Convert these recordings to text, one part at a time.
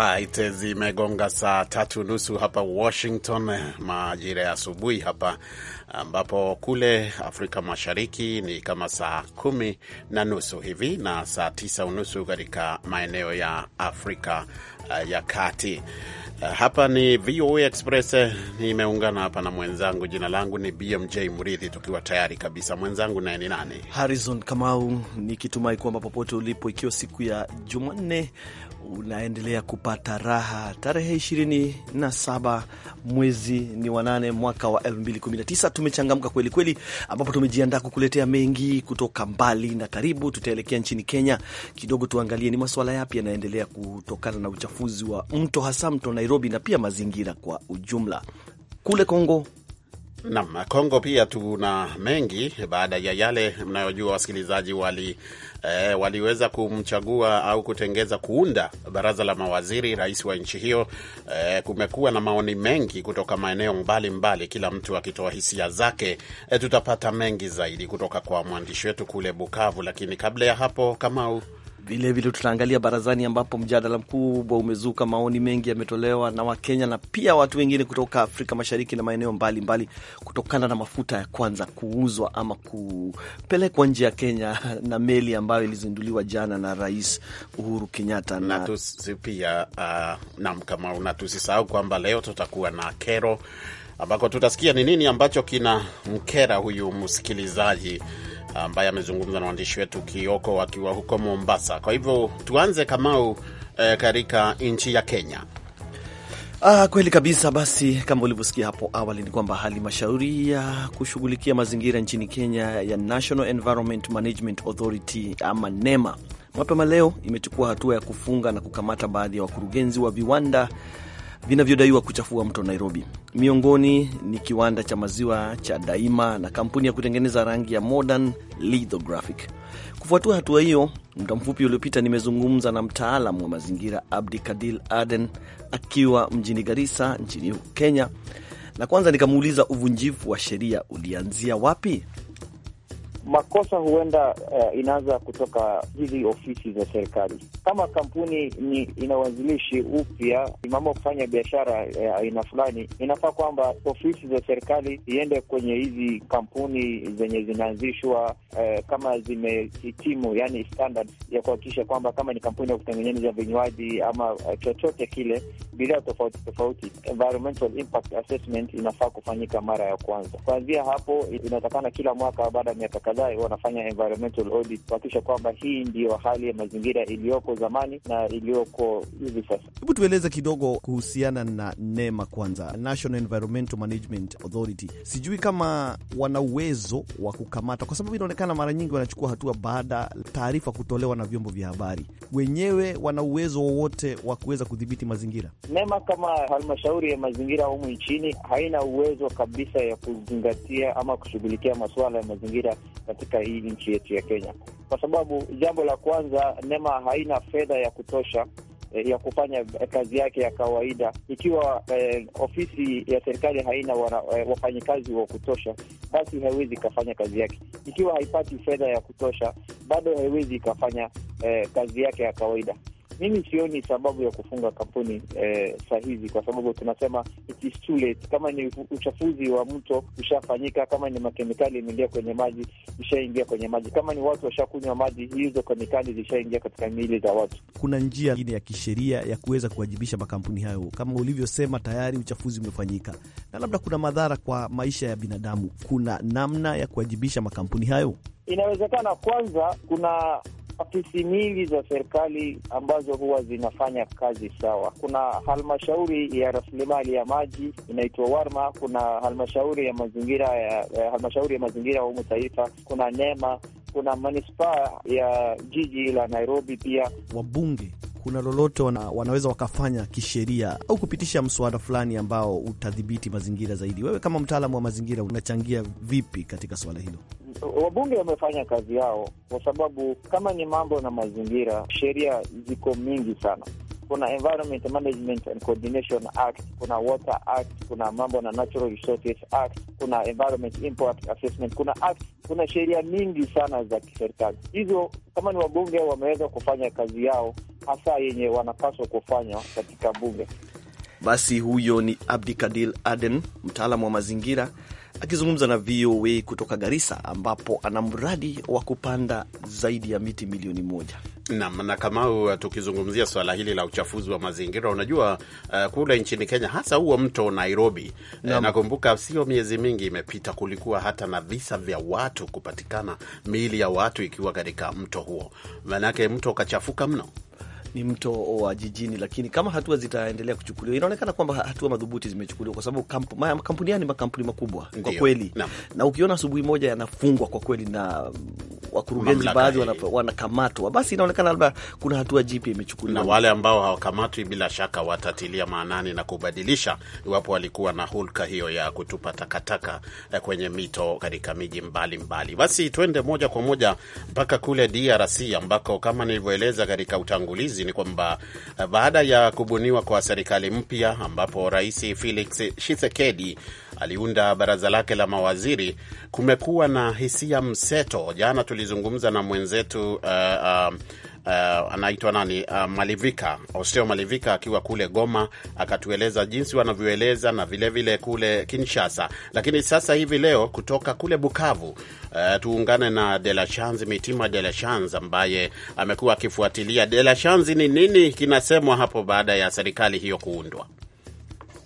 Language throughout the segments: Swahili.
Right, zimegonga saa tatu nusu hapa Washington, majira ya asubuhi hapa, ambapo kule Afrika Mashariki ni kama saa kumi na nusu hivi na saa tisa unusu katika maeneo ya Afrika uh, ya Kati. Uh, hapa ni VOA Express, eh, nimeungana hapa na mwenzangu. Jina langu ni BMJ Murithi, tukiwa tayari kabisa. Mwenzangu naye ni nani? Harrison Kamau, nikitumai kwamba popote ulipo, ikiwa siku ya Jumanne unaendelea kupata raha. Tarehe 27 mwezi ni wanane mwaka wa 2019 tumechangamka kweli kweli, ambapo tumejiandaa kukuletea mengi kutoka mbali na karibu. Tutaelekea nchini Kenya kidogo, tuangalie ni masuala yapi yanaendelea kutokana na uchafuzi wa mto, hasa mto Nairobi, na pia mazingira kwa ujumla. Kule Kongo Naam, Kongo pia tuna mengi baada ya yale mnayojua, wasikilizaji wali eh, waliweza kumchagua au kutengeza kuunda baraza la mawaziri, rais wa nchi hiyo. Eh, kumekuwa na maoni mengi kutoka maeneo mbalimbali mbali, kila mtu akitoa hisia zake. Eh, tutapata mengi zaidi kutoka kwa mwandishi wetu kule Bukavu, lakini kabla ya hapo Kamau Vilevile tutaangalia barazani, ambapo mjadala mkubwa umezuka. Maoni mengi yametolewa na Wakenya na pia watu wengine kutoka Afrika Mashariki na maeneo mbalimbali, kutokana na mafuta ya kwanza kuuzwa ama kupelekwa nje ya Kenya na meli ambayo ilizinduliwa jana na Rais Uhuru Kenyatta na... pia uh, nam kama unatusisahau kwamba leo tutakuwa na kero ambako tutasikia ni nini ambacho kina mkera huyu msikilizaji ambaye amezungumza na waandishi wetu Kioko akiwa huko Mombasa. Kwa hivyo tuanze Kamau, eh, katika nchi ya Kenya. Ah, kweli kabisa. Basi kama ulivyosikia hapo awali ni kwamba halmashauri ya kushughulikia mazingira nchini Kenya ya National Environment Management Authority ama NEMA mapema leo imechukua hatua ya kufunga na kukamata baadhi ya wakurugenzi wa viwanda vinavyodaiwa kuchafua mto Nairobi. Miongoni ni kiwanda cha maziwa cha Daima na kampuni ya kutengeneza rangi ya Modern Lithographic. Kufuatia hatua hiyo, muda mfupi uliopita nimezungumza na mtaalam wa mazingira Abdi Kadil Aden akiwa mjini Garissa nchini Kenya, na kwanza nikamuuliza uvunjifu wa sheria ulianzia wapi? makosa huenda uh, inaanza kutoka hizi ofisi za serikali. Kama kampuni ni inawanzilishi upya mambo kufanya biashara ya uh, eh, aina fulani, inafaa kwamba ofisi za serikali iende kwenye hizi kampuni zenye zinaanzishwa uh, kama zimehitimu, yani standard ya kuhakikisha kwamba kama ni kampuni ya kutengeneza vinywaji ama uh, chochote kile, bidhaa tofauti tofauti, environmental impact assessment inafaa kufanyika mara ya kwanza. Kuanzia hapo, inatakana kila mwaka baada ya miaka kadhaa wanafanya environmental audit kuhakikisha kwamba hii ndiyo hali ya mazingira iliyoko zamani na iliyoko hivi sasa. Hebu tueleze kidogo kuhusiana na NEMA kwanza, National Environmental Management Authority. Sijui kama wana uwezo wa kukamata, kwa sababu inaonekana mara nyingi wanachukua hatua baada taarifa kutolewa na vyombo vya habari. Wenyewe wana uwezo wowote wa kuweza kudhibiti mazingira? NEMA kama halmashauri ya mazingira humu nchini haina uwezo kabisa ya kuzingatia ama kushughulikia masuala ya mazingira katika hii nchi yetu ya Kenya, kwa sababu jambo la kwanza, NEMA haina fedha ya kutosha eh, ya kufanya kazi yake ya kawaida. Ikiwa eh, ofisi ya serikali haina eh, wafanyikazi wa kutosha, basi haiwezi ikafanya kazi yake. Ikiwa haipati fedha ya kutosha, bado haiwezi ikafanya eh, kazi yake ya kawaida mimi sioni sababu ya kufunga kampuni eh, saa hizi, kwa sababu tunasema it is too late. Kama ni uchafuzi wa mto ushafanyika, kama ni makemikali imeingia kwenye maji ishaingia kwenye maji, kama ni watu washakunywa maji, hizo kemikali zishaingia katika miili za watu. Kuna njia ingine ya kisheria ya kuweza kuwajibisha makampuni hayo, kama ulivyosema tayari uchafuzi umefanyika na labda kuna madhara kwa maisha ya binadamu. Kuna namna ya kuwajibisha makampuni hayo? Inawezekana kwanza, kuna ofisi nyingi za serikali ambazo huwa zinafanya kazi sawa. Kuna halmashauri ya rasilimali ya maji inaitwa WARMA, kuna halmashauri ya mazingira ya, ya eh, halmashauri ya mazingira ya umu taifa, kuna NEMA, kuna manispaa ya jiji la Nairobi. Pia wabunge kuna lolote wana, wanaweza wakafanya kisheria au kupitisha mswada fulani ambao utadhibiti mazingira zaidi. Wewe kama mtaalamu wa mazingira unachangia vipi katika suala hilo? wabunge wamefanya kazi yao, kwa sababu kama ni mambo na mazingira, sheria ziko mingi sana. Kuna Environment Management and Coordination Act, kuna Water Act, kuna mambo na Natural Resources Act, kuna Environment Impact Assessment, kuna act, kuna sheria mingi sana za kiserikali. Hizo kama ni wabunge wameweza kufanya kazi yao hasa yenye wanapaswa kufanywa katika bunge. Basi huyo ni Abdikadil Aden, mtaalamu wa mazingira akizungumza na VOA kutoka Garissa ambapo ana mradi wa kupanda zaidi ya miti milioni moja. Naam, na Kamau, uh, tukizungumzia swala hili la uchafuzi wa mazingira, unajua uh, kule nchini Kenya hasa huo mto Nairobi uh, na, nakumbuka sio miezi mingi imepita, kulikuwa hata na visa vya watu kupatikana miili ya watu ikiwa katika mto huo, maanake mto ukachafuka mno ni mto wa jijini, lakini kama hatua zitaendelea kuchukuliwa, inaonekana kwamba hatua madhubuti zimechukuliwa, kwa sababu makampuni haya ni makampuni makubwa kwa kweli na, na ukiona asubuhi moja yanafungwa kwa kweli na wakurugenzi baadhi wanakamatwa, basi inaonekana labda kuna hatua jipya imechukuliwa, na wale ambao hawakamatwi bila shaka watatilia maanani na kubadilisha, iwapo walikuwa na hulka hiyo ya kutupa takataka eh, kwenye mito katika miji mbalimbali. Basi tuende moja kwa moja mpaka kule DRC ambako kama nilivyoeleza katika utangulizi juzi ni kwamba eh, baada ya kubuniwa kwa serikali mpya ambapo Rais Felix Tshisekedi aliunda baraza lake la mawaziri, kumekuwa na hisia mseto. Jana tulizungumza na mwenzetu uh, uh, uh, anaitwa nani uh, Malivika Oseo Malivika akiwa kule Goma akatueleza jinsi wanavyoeleza na vilevile vile kule Kinshasa. Lakini sasa hivi leo kutoka kule Bukavu uh, tuungane na Delashans Mitima Delashans ambaye amekuwa akifuatilia. Delashans, ni nini kinasemwa hapo baada ya serikali hiyo kuundwa?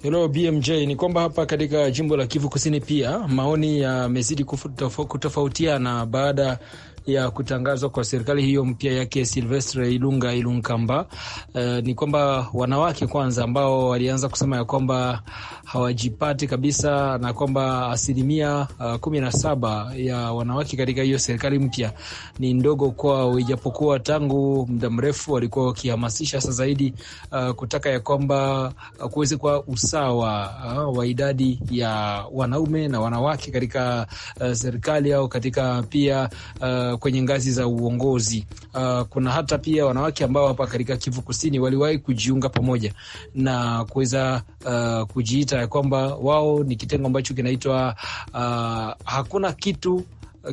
Hello BMJ, ni kwamba hapa katika jimbo la Kivu Kusini pia maoni yamezidi kutofautiana baada ya kutangazwa kwa serikali hiyo mpya yake Silvestre Ilunga Ilunkamba, uh, ni kwamba wanawake kwanza ambao walianza kusema ya kwamba hawajipati kabisa na kwamba asilimia uh, kumi na saba ya wanawake katika hiyo serikali mpya ni ndogo kwao, ijapokuwa tangu muda mrefu walikuwa wakihamasisha sasa zaidi uh, kutaka ya kwamba uh, kuweze kwa usawa uh, wa idadi ya wanaume na wanawake katika uh, serikali au katika pia uh, Uh, kwenye ngazi za uongozi. Uh, kuna hata pia wanawake ambao hapa katika Kivu Kusini waliwahi kujiunga pamoja na kuweza uh, kujiita ya kwamba wao ni kitengo ambacho kinaitwa uh, hakuna kitu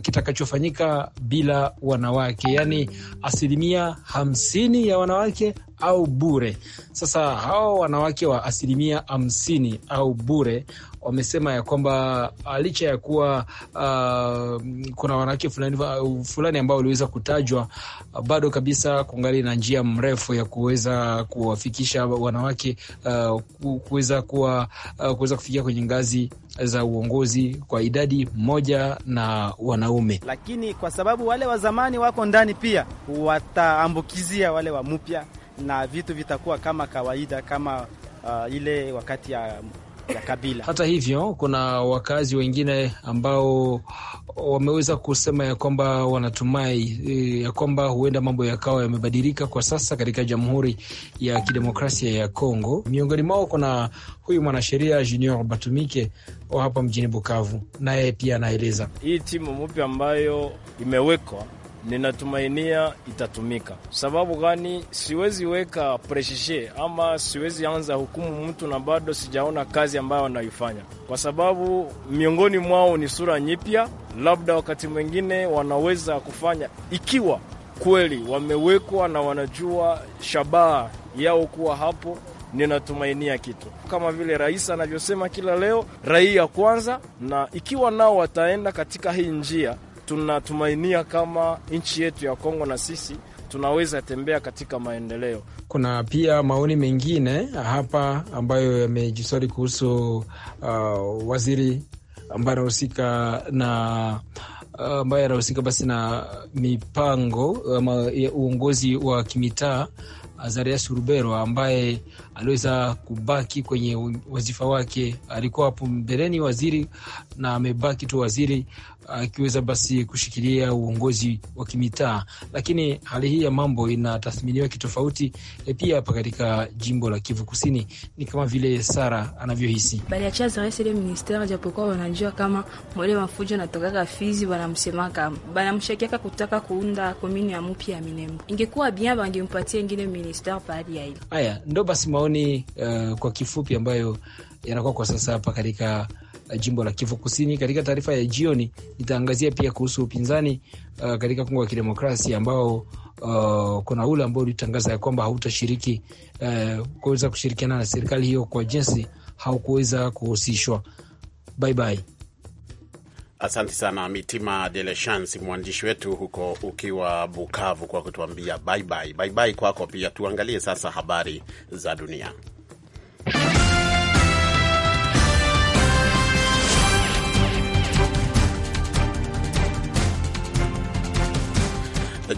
kitakachofanyika bila wanawake, yaani asilimia hamsini ya wanawake au bure. Sasa hawa wanawake wa asilimia hamsini au bure wamesema ya kwamba uh, licha ya kuwa uh, kuna wanawake fulani, fulani ambao waliweza kutajwa, uh, bado kabisa kungali na njia mrefu ya kuweza kuwafikisha wanawake uh, kuweza kuwa uh, kuweza kufikia kwenye ngazi za uongozi kwa idadi moja na wanaume, lakini kwa sababu wale wa zamani wako ndani pia wataambukizia wale wa mupya na vitu vitakuwa kama kawaida kama uh, ile wakati ya ya kabila. Hata hivyo, kuna wakazi wengine ambao wameweza kusema ya kwamba wanatumai e, ya kwamba huenda mambo yakawa yamebadilika kwa sasa katika Jamhuri ya Kidemokrasia ya Kongo. Miongoni mwao kuna huyu mwanasheria Junior Batumike wa hapa mjini Bukavu, naye pia anaeleza hii timu mpya ambayo imewekwa ninatumainia itatumika. Sababu gani? Siwezi weka preshishe ama siwezi anza hukumu mtu na bado sijaona kazi ambayo anaifanya, kwa sababu miongoni mwao ni sura nyipya, labda wakati mwingine wanaweza kufanya ikiwa kweli wamewekwa na wanajua shabaha yao kuwa hapo. Ninatumainia kitu kama vile rais anavyosema kila leo, raia kwanza, na ikiwa nao wataenda katika hii njia tunatumainia kama nchi yetu ya Kongo na sisi tunaweza tembea katika maendeleo. Kuna pia maoni mengine hapa ambayo yamejiswali kuhusu uh, waziri ambaye anahusika na uh, ambaye anahusika basi na mipango ama uongozi wa kimitaa Azarias Rubero ambaye aliweza kubaki kwenye wazifa wake. Alikuwa hapo mbeleni waziri na amebaki tu waziri akiweza basi kushikilia uongozi wa kimitaa, lakini hali hii ya mambo inatathminiwa kitofauti e, pia hapa katika jimbo la Kivu Kusini ni kama vile Sara anavyohisi. japokuwa wanajua kama mwele mafujo natokaka Fizi, wanamsemaka banamshakiaka kutaka kuunda komini ya mpya ya Minembo. Ingekuwa bia ingine pahali ya hili. Haya ndo basi maoni uh, kwa kifupi ambayo yanakuwa kwa sasa hapa katika Eh, jimbo la Kivu Kusini. Katika taarifa ya jioni nitaangazia pia kuhusu upinzani uh, katika Kongo ya Kidemokrasia ambao uh, kuna ule ambao ulitangaza ya kwamba hautashiriki uh, kuweza kushirikiana na serikali hiyo kwa jinsi haukuweza kuhusishwa. Bye bye. Asante sana Mitima De La Chance, mwandishi wetu huko ukiwa Bukavu, kwa kutuambia baibai. Baibai kwako pia. Tuangalie sasa habari za dunia.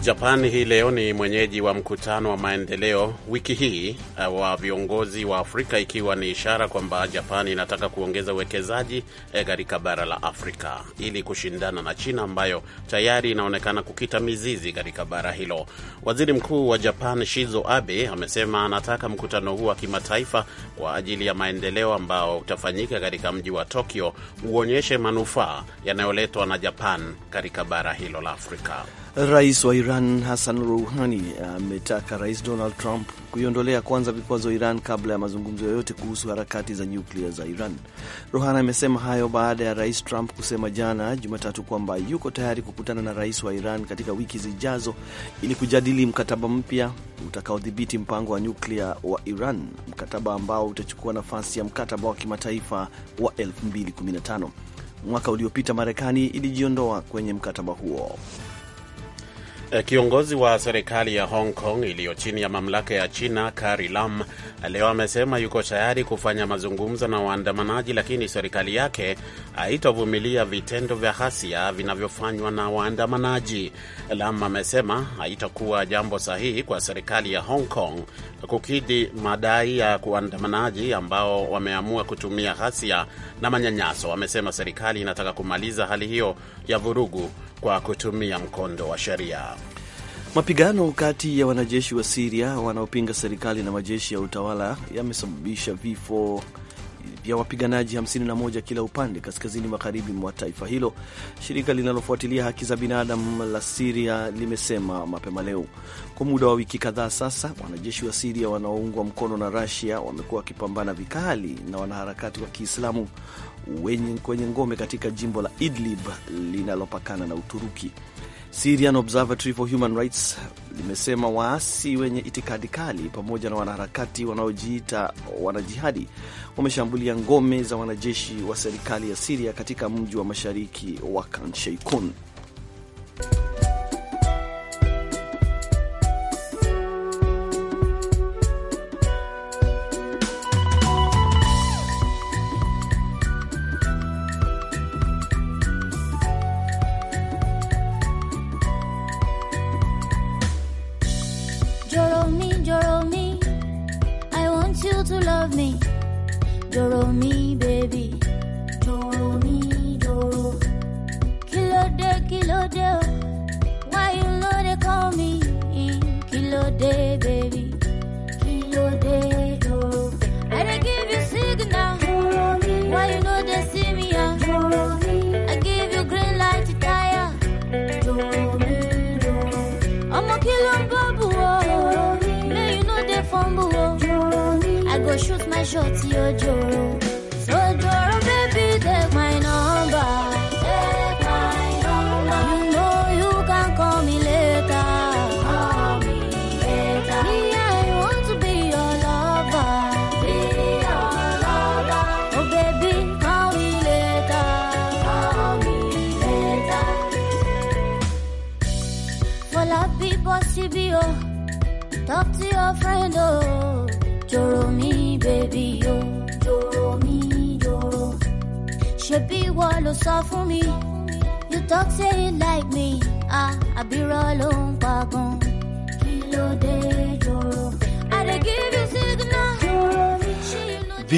Japan hii leo ni mwenyeji wa mkutano wa maendeleo wiki hii uh, wa viongozi wa Afrika, ikiwa ni ishara kwamba Japan inataka kuongeza uwekezaji uh, katika bara la Afrika ili kushindana na China ambayo tayari inaonekana kukita mizizi katika bara hilo. Waziri Mkuu wa Japan Shizo Abe amesema anataka mkutano huu wa kimataifa kwa ajili ya maendeleo ambao utafanyika katika mji wa Tokyo uonyeshe manufaa yanayoletwa na Japan katika bara hilo la Afrika. Rais wa Iran Hassan Rouhani ametaka Rais Donald Trump kuiondolea kwanza vikwazo Iran kabla ya mazungumzo yoyote kuhusu harakati za nyuklia za Iran. Rouhani amesema hayo baada ya Rais Trump kusema jana Jumatatu kwamba yuko tayari kukutana na rais wa Iran katika wiki zijazo ili kujadili mkataba mpya utakaodhibiti mpango wa nyuklia wa Iran, mkataba ambao utachukua nafasi ya mkataba wa kimataifa wa 2015. Mwaka uliopita Marekani ilijiondoa kwenye mkataba huo. Eh, kiongozi wa serikali ya Hong Kong iliyo chini ya mamlaka ya China, Carrie Lam, leo amesema yuko tayari kufanya mazungumzo na waandamanaji, lakini serikali yake haitovumilia vitendo vya ghasia vinavyofanywa na waandamanaji. Lam amesema haitakuwa jambo sahihi kwa serikali ya Hong Kong kukidhi madai ya waandamanaji ambao wameamua kutumia ghasia na manyanyaso. Amesema serikali inataka kumaliza hali hiyo ya vurugu kwa kutumia mkondo wa sheria. Mapigano kati ya wanajeshi wa Siria wanaopinga serikali na majeshi ya utawala yamesababisha vifo vya wapiganaji 51 kila upande kaskazini magharibi mwa taifa hilo, shirika linalofuatilia haki za binadamu la Siria limesema mapema leo. Kwa muda wa wiki kadhaa sasa, wanajeshi wa Siria wanaoungwa mkono na Rusia wamekuwa wakipambana vikali na wanaharakati wa Kiislamu wenye kwenye ngome katika jimbo la Idlib linalopakana na Uturuki. Syrian Observatory for Human Rights limesema waasi wenye itikadi kali pamoja na wanaharakati wanaojiita wanajihadi wameshambulia ngome za wanajeshi wa serikali ya Siria katika mji wa mashariki wa Kan looks all for me. You talk, say it like me. Ah, I be rolling, back on Kilo day.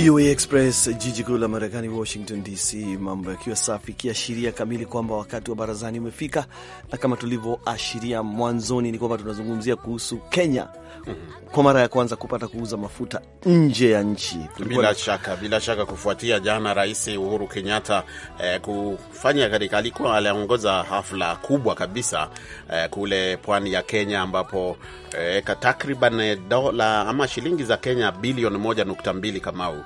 VOA Express, jiji kuu la Marekani, Washington DC, mambo yakiwa safi, kiashiria kamili kwamba wakati wa barazani umefika, na kama tulivyoashiria mwanzoni ni kwamba tunazungumzia kuhusu Kenya mhm. kwa mara ya kwanza kupata kuuza mafuta nje ya nchi. Bila shaka, bila shaka kufuatia jana Rais Uhuru Kenyatta eh, kufanya katika, alikuwa aliongoza hafla kubwa kabisa eh, kule pwani ya Kenya ambapo eh, takriban dola ama shilingi za Kenya bilioni moja nukta mbili Kamau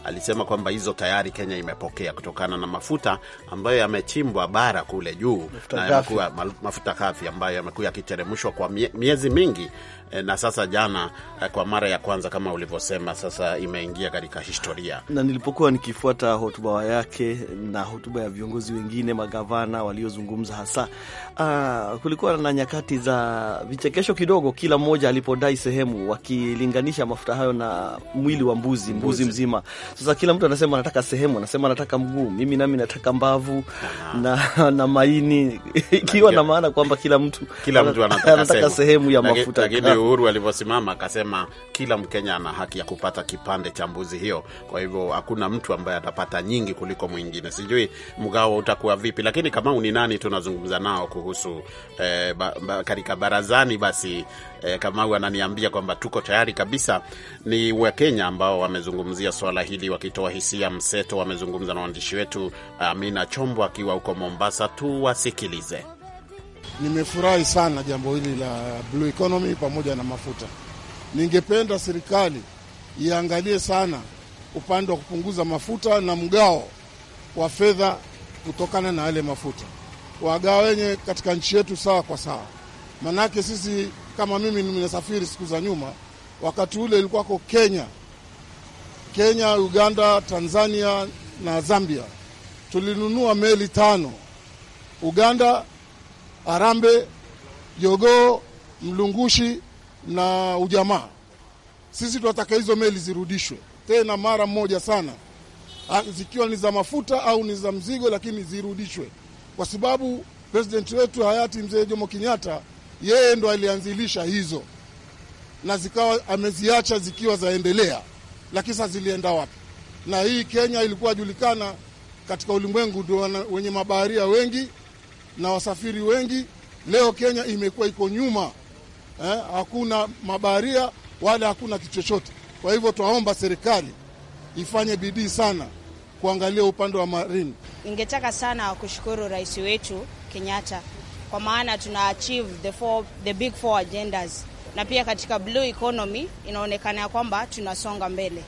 alisema kwamba hizo tayari Kenya imepokea kutokana na mafuta ambayo yamechimbwa bara kule juu na yamekuwa mafuta kafi ambayo yamekuwa yakiteremshwa kwa miezi mingi e, na sasa jana, e, kwa mara ya kwanza kama ulivyosema, sasa imeingia katika historia. Na nilipokuwa nikifuata hotuba yake na hotuba ya viongozi wengine, magavana waliozungumza, hasa kulikuwa na nyakati za vichekesho kidogo, kila mmoja alipodai sehemu, wakilinganisha mafuta hayo na mwili wa mbuzi, mbuzi mzima. Sasa kila mtu anasema anataka sehemu, anasema anataka mguu, mimi nami nataka mbavu na, na maini ikiwa na maana kwamba kila mtu kila mtu anataka, anataka sehemu ya mafuta. Lakini Uhuru alivyosimama akasema kila Mkenya ana haki ya kupata kipande cha mbuzi hiyo, kwa hivyo hakuna mtu ambaye atapata nyingi kuliko mwingine. Sijui mgao utakuwa vipi, lakini kama ni nani tunazungumza nao kuhusu eh, ba, ba, katika barazani basi eh, Kamau ananiambia kwamba tuko tayari kabisa. Ni Wakenya ambao wamezungumzia swala hili zaidi wakitoa hisia mseto. Wamezungumza na waandishi wetu Amina Chombo akiwa huko Mombasa. Tuwasikilize. Nimefurahi sana jambo hili la blue economy pamoja na mafuta. Ningependa serikali iangalie sana upande wa kupunguza mafuta na mgao wa fedha kutokana na yale mafuta, wagawenye katika nchi yetu sawa kwa sawa. Manake sisi kama mimi nimesafiri siku za nyuma, wakati ule ilikuwako Kenya Kenya, Uganda, Tanzania na Zambia. Tulinunua meli tano: Uganda, Arambe, Jogoo, Mlungushi na Ujamaa. Sisi tunataka hizo meli zirudishwe tena mara moja sana, zikiwa ni za mafuta au ni za mzigo, lakini zirudishwe, kwa sababu president wetu hayati Mzee Jomo Kenyatta yeye ndo alianzilisha hizo na zikawa ameziacha zikiwa zaendelea lakini sasa zilienda wapi? Na hii Kenya ilikuwa julikana katika ulimwengu ndio wenye mabaharia wengi na wasafiri wengi. Leo Kenya imekuwa iko nyuma eh, hakuna mabaharia wala hakuna kitu chochote. Kwa hivyo twaomba serikali ifanye bidii sana kuangalia upande wa marini. Ningetaka sana kushukuru rais wetu Kenyatta kwa maana tuna achieve the four, the big four agendas na pia katika blue economy inaonekana ya kwamba tunasonga mbele.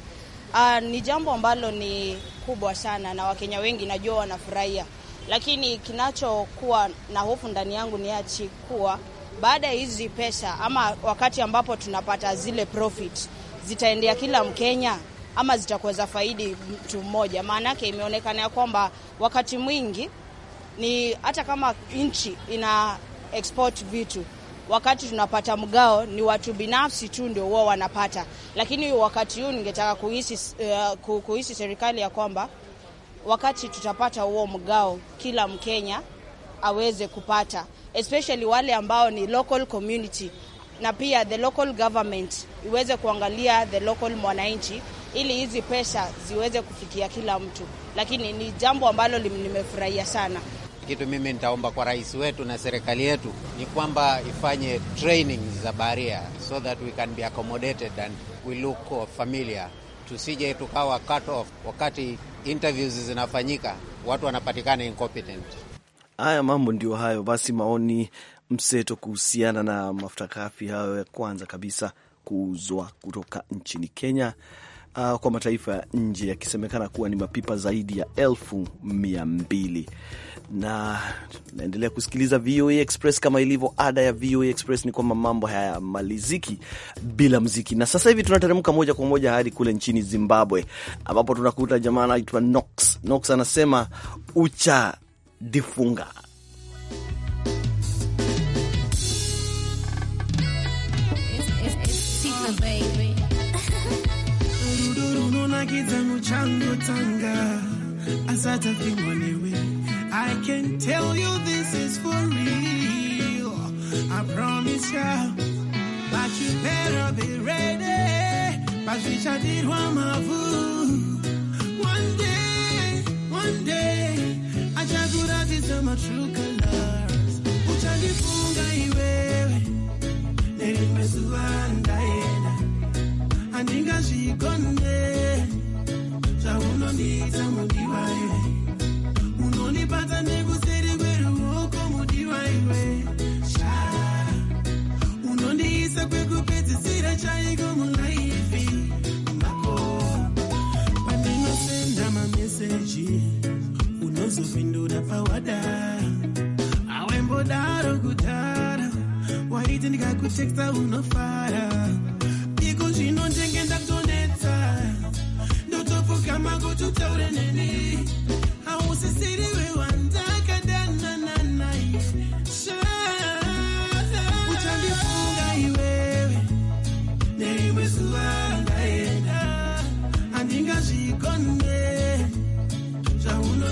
Uh, ni jambo ambalo ni kubwa sana na Wakenya wengi najua wanafurahia, lakini kinachokuwa na hofu ndani yangu ni achi kuwa baada ya hizi pesa ama wakati ambapo tunapata zile profit zitaendea kila Mkenya ama zitakuweza faidi mtu mmoja. Maanake imeonekana ya kwamba wakati mwingi ni hata kama nchi ina export vitu wakati tunapata mgao ni watu binafsi tu ndio wao wanapata, lakini wakati huu ningetaka kuhisi, uh, kuhisi serikali ya kwamba wakati tutapata huo mgao kila Mkenya aweze kupata especially wale ambao ni local community na pia the local government iweze kuangalia the local mwananchi ili hizi pesa ziweze kufikia kila mtu, lakini ni jambo ambalo nimefurahia sana. Kitu mimi nitaomba kwa rais wetu na serikali yetu ni kwamba ifanye training za baharia so that we can be accommodated and we look familiar, tusije tukawa cut off wakati interviews zinafanyika, watu wanapatikana incompetent. Haya mambo ndio hayo. Basi maoni mseto kuhusiana na mafuta ghafi hayo ya kwanza kabisa kuuzwa kutoka nchini Kenya uh, kwa mataifa ya nje, yakisemekana kuwa ni mapipa zaidi ya elfu mia mbili na tunaendelea kusikiliza VOA Express. Kama ilivyo ada ya VOA Express, ni kwamba mambo hayamaliziki bila mziki, na sasa hivi tunateremka moja kwa moja hadi kule nchini Zimbabwe, ambapo tunakuta jamaa anaitwa Nox. Nox anasema ucha difunga I can tell you this is for real. I promise you, but you better be ready. But we shall did one One day, one day, I shall do that is to my true colors. Uchalifunga iwewe, nilimesuwa ndaenda. Andinga shikonde, cha unonita mudiwa iwe ukinipata nikusiri kweruoko mudiwa iwe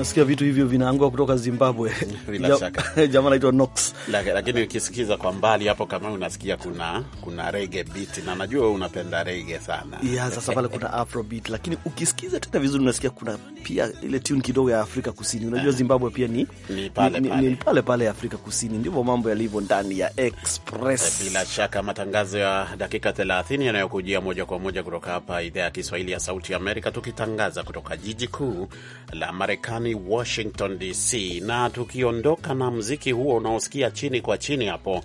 nasikia vitu hivyo vinaangua kutoka Zimbabwe. Bila shaka jamaa anaitwa Nox, lakini ukisikiza kwa mbali hapo kama unasikia kuna kuna rege beat, na najua wewe unapenda rege sana ya sasa pale kuna afro beat, lakini ukisikiza tena vizuri unasikia kuna pia ile tune kidogo ya Afrika Kusini. Unajua eh. Zimbabwe pia ni ni pale pale, ni pale pale Afrika Kusini. Ndivyo mambo yalivyo ndani ya Express. Eh, bila shaka matangazo ya dakika 30 yanayokujia moja kwa moja kutoka hapa idhaa ya Kiswahili ya Sauti ya Amerika, tukitangaza kutoka jiji kuu la Marekani mjini Washington DC. Na tukiondoka na mziki huo unaosikia chini kwa chini hapo, uh,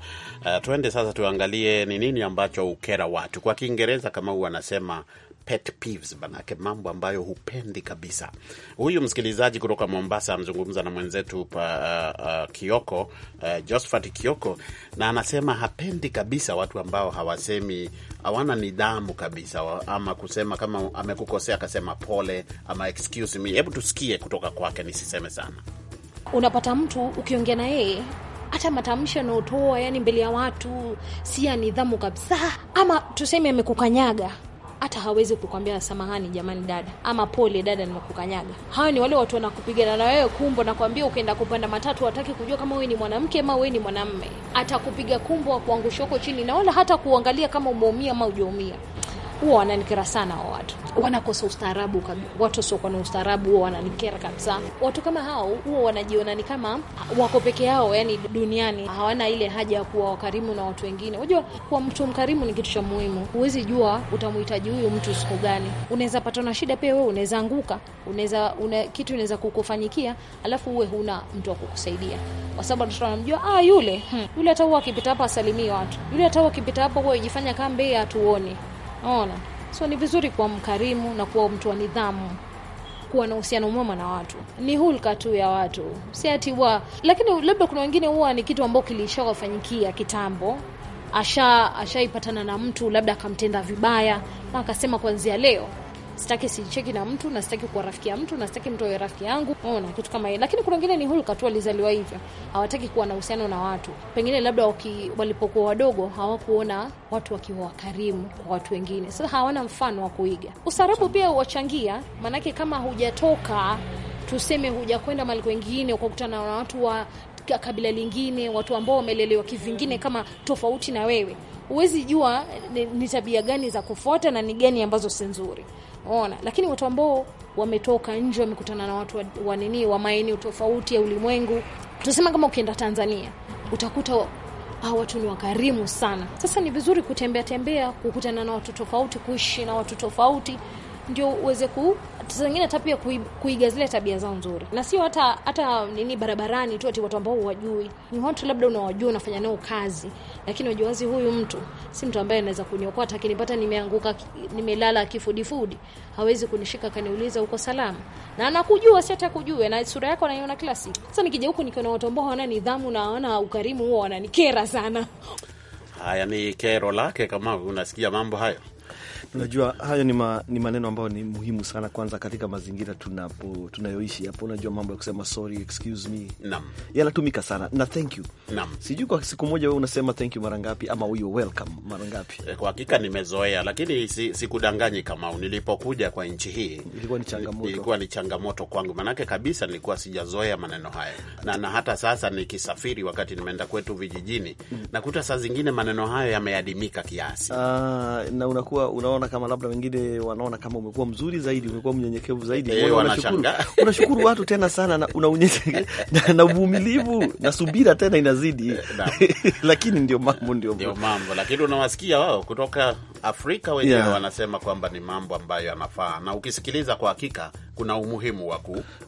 eh, tuende sasa tuangalie ni nini ambacho ukera watu. Kwa Kiingereza kama huu anasema pet peeves, manake mambo ambayo hupendi kabisa. Huyu msikilizaji kutoka Mombasa amzungumza na mwenzetu pa, uh, uh, Kioko, uh, Josephat Kioko, na anasema hapendi kabisa watu ambao hawasemi, hawana nidhamu kabisa, ama kusema kama amekukosea akasema pole ama excuse me. Hebu tusikie kutoka kwake, nisiseme sana. Unapata mtu ukiongea na yeye hata matamshi anaotoa yani mbele ya watu si ya nidhamu kabisa, ama tuseme amekukanyaga hata hawezi kukwambia samahani, jamani dada, ama pole dada, nimekukanyaga. hawa ni wale watu wanakupigana na wewe kumbo, nakwambia, ukienda kupanda matatu wataki kujua kama wewe ni mwanamke ama wewe ni mwanamme, atakupiga kumbo, akuangushia huko chini, na wala hata kuangalia kama umeumia ama hujaumia huwa wananikera sana wa watu wanakosa ustaarabu kabisa. Watu wasiokuwa na ustaarabu huwa wananikera kabisa. Watu kama hao huwa wanajiona ni kama wako peke yao, yani duniani hawana ile haja ya kuwa wakarimu na watu wengine. Unajua, kuwa mtu mkarimu ni kitu cha muhimu. Huwezi jua utamhitaji huyu mtu siku gani. Unaweza pata na shida pia wewe, unaweza anguka, unaweza una, kitu inaweza kukufanyikia, alafu uwe huna mtu wa kukusaidia, kwa sababu watoto wanamjua, ah, yule hmm, yule hata huwa akipita hapa asalimii watu, yule hata huwa akipita hapa huwa ijifanya kambe hatuoni Ona, so ni vizuri kuwa mkarimu na kuwa mtu wa nidhamu kuwa na uhusiano mwema na watu. Ni hulka tu ya watu, si ati wa. Lakini labda kuna wengine huwa ni kitu ambao kilishawafanyikia kitambo, asha ashaipatana na mtu labda akamtenda vibaya na akasema kuanzia leo sitaki sicheki na mtu na sitaki kuwa rafiki ya mtu na sitaki mtu awe rafiki yangu, ona kitu kama hiyo. Lakini kuna wengine ni hulka tu, walizaliwa hivyo, hawataki kuwa na uhusiano na watu. Pengine labda waki, walipokuwa wadogo hawakuona watu wakiwa wakarimu kwa watu wengine, sasa hawana mfano wa kuiga. Ustaarabu pia huwachangia, maanake kama hujatoka tuseme, hujakwenda mali kwengine ukakutana na watu wa kabila lingine, watu ambao wamelelewa kivingine kama tofauti na wewe, huwezi jua ni, ni tabia gani za kufuata na ni gani ambazo si nzuri. Ona, lakini watu ambao wametoka nje, wamekutana na watu wa nini, wa maeneo tofauti ya ulimwengu, tunasema kama ukienda Tanzania utakuta hawa watu ni wakarimu sana. Sasa ni vizuri kutembea tembea, kukutana na watu tofauti, kuishi na watu tofauti, ndio uweze ku saa zingine hata pia kuiga zile tabia zao nzuri, na sio hata hata nini barabarani tu, ati watu ambao huwajui. Ni watu labda unawajua, unafanya nao kazi, lakini wajuazi, huyu mtu si mtu ambaye anaweza kuniokoa. Hata akinipata nimeanguka, nimelala kifudifudi, hawezi kunishika kaniuliza uko salama, na anakujua, si hata kujua, na sura yako anaiona kila siku. Sasa nikija huku nikiona watu ambao hawana nidhamu na hawana ukarimu, huo wananikera sana. Haya ni kero lake, kama unasikia mambo hayo Unajua, hayo ni, ma, ni maneno ambayo ni muhimu sana, kwanza katika mazingira tunapo tunayoishi hapo. Unajua, mambo ya kusema sorry, excuse me yanatumika sana na thank you. Naam, sijui kwa siku moja wewe unasema thank you mara ngapi, ama huyo welcome mara ngapi? Eh, kwa hakika nimezoea, lakini sikudanganyi, si kama nilipokuja kwa nchi hii ilikuwa ni changamoto, ilikuwa ni changamoto kwangu, manake kabisa nilikuwa sijazoea maneno haya na, na hata sasa nikisafiri, wakati nimeenda kwetu vijijini mm, nakuta saa zingine maneno hayo yameadimika kiasi. Aa, ah, na unakuwa unaona wanaona kama labda wengine wanaona kama umekuwa mzuri zaidi, umekuwa mnyenyekevu zaidi. Hey, eh, unashukuru unashukuru watu tena sana na na, na uvumilivu na subira tena inazidi eh, lakini ndio mambo ndio mambo, lakini unawasikia wao kutoka Afrika wenyewe yeah, wanasema kwamba ni mambo ambayo yanafaa, na ukisikiliza kwa hakika kuna umuhimu wa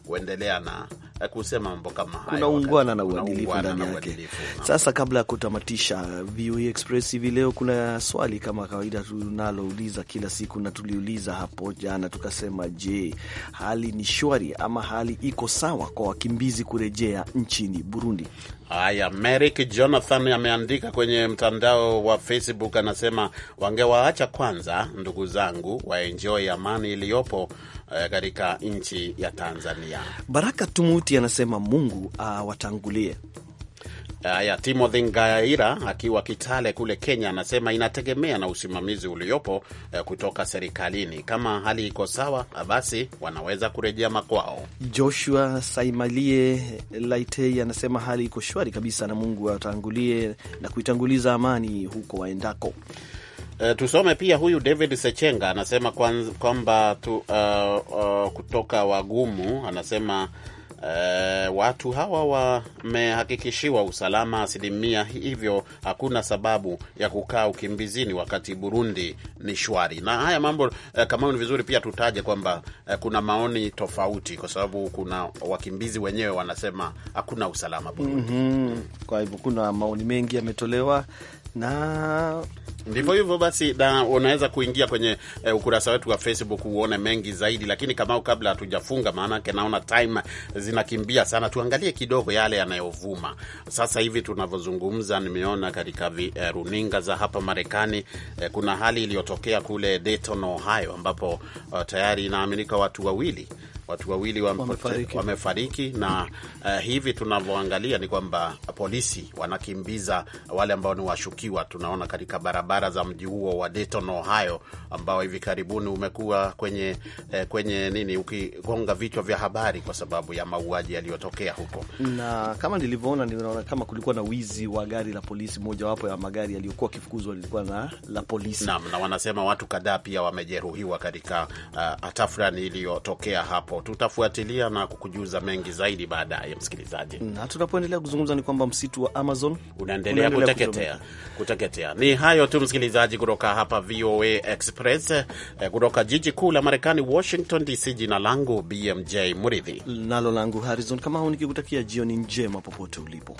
kuendelea na eh, kusema mambo kama hayo, ungwana na uadilifu ndani yake. Sasa kabla ya kutamatisha VOA e Express hivi leo, kuna swali kama kawaida tunalouliza kila siku na tuliuliza hapo jana tukasema, je, hali ni shwari ama hali iko sawa kwa wakimbizi kurejea nchini Burundi? Haya, Merrick Jonathan ameandika kwenye mtandao wa Facebook, anasema wangewaacha kwanza ndugu zangu waenjoy amani iliyopo eh, katika nchi ya Tanzania. Baraka Tumuti anasema Mungu awatangulie. Uh, Haya, uh, Timothy Ngaira akiwa Kitale kule Kenya anasema inategemea na usimamizi uliopo eh, kutoka serikalini. Kama hali iko sawa, uh, basi wanaweza kurejea makwao. Joshua Saimalie Laitei anasema hali iko shwari kabisa, na Mungu atangulie na kuitanguliza amani huko waendako. Uh, tusome pia huyu David Sechenga anasema kwamba tu, uh, uh, kutoka wagumu anasema E, watu hawa wamehakikishiwa usalama asilimia, hivyo hakuna sababu ya kukaa ukimbizini wakati Burundi ni shwari. Na haya mambo e, eh, kama ni vizuri pia tutaje kwamba e, kuna maoni tofauti, kwa sababu kuna wakimbizi wenyewe wanasema hakuna usalama Burundi. Mm -hmm. Kwa hivyo kuna maoni mengi yametolewa na Ndivyo hivyo basi, na unaweza kuingia kwenye eh, ukurasa wetu wa Facebook uone mengi zaidi, lakini kama kabla hatujafunga, maanake naona time zinakimbia sana, tuangalie kidogo yale yanayovuma sasa hivi tunavyozungumza. Nimeona katika eh, runinga za hapa Marekani eh, kuna hali iliyotokea kule Dayton, Ohio, ambapo eh, tayari inaaminika watu wawili watu wawili wamefariki, wa na uh, hivi tunavyoangalia ni kwamba polisi wanakimbiza wale ambao ni washukiwa, tunaona katika barabara barabara za mji huo wa Dayton, Ohio, ambao hivi karibuni umekuwa kwenye, eh, kwenye nini ukigonga vichwa vya habari kwa sababu ya mauaji yaliyotokea huko, na kama nilivyoona, niliona kama kulikuwa na wizi wa gari la polisi, mojawapo ya magari yaliyokuwa kifukuzwa lilikuwa na la polisi. Naam, na wanasema watu kadhaa pia wamejeruhiwa katika uh, tafrani iliyotokea hapo. Tutafuatilia na kukujuza mengi zaidi baadaye, msikilizaji. Na tunapoendelea kuzungumza ni kwamba msitu wa Amazon unaendelea kuteketea kuteketea. Ni hayo tu msikilizaji, kutoka hapa VOA Express eh, kutoka jiji kuu la Marekani, Washington DC. Jina langu BMJ mridhi nalo langu Harrison Kamau, nikikutakia jioni njema popote ulipo.